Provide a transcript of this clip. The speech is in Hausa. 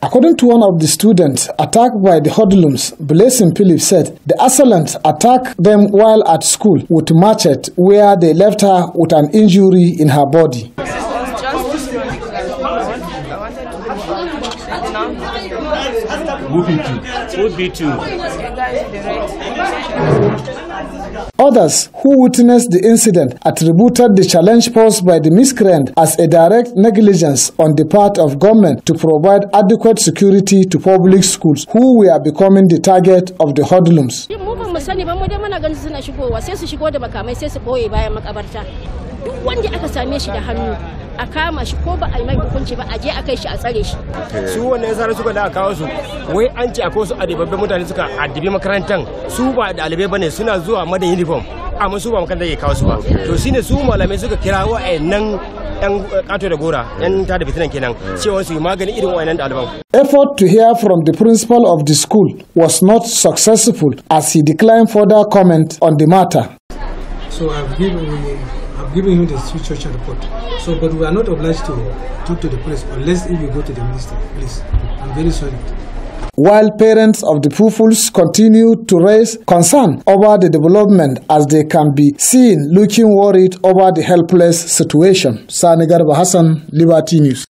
According to one of the students attacked by the hoodlums, Blessing Phillips said the assailants attacked them while at school with a machete where they left her with an injury in her body. Who beat you? Who beat you? Others who witnessed the incident attributed the challenge posed by the miscreant as a direct negligence on the part of government to provide adequate security to public schools who were becoming the target of the hoodlums. duk wanda aka same shi da hannu a kama shi ko ba a yi mai hukunci ba a je a kai shi a tsare shi su wannan sare suka da a kawo su wai an ce akwai su adibabben mutane suka addabi makarantar su ba dalibai bane suna zuwa madan uniform amma su ba makarantar ke kawo su ba to shine su malamai suka kira wa nan yan kato da gora yan ta da fitinan kenan cewa su yi magani irin wayannan ɗaliban. effort to hear from the principal of the school was not successful as he declined further comment on the matter So I've given, I've given him the future church report. So, but we are not obliged to talk to the police unless if you go to the minister. Please, I'm very sorry. While parents of the pupils continue to raise concern over the development as they can be seen looking worried over the helpless situation. Sani Garba Hassan, Liberty News.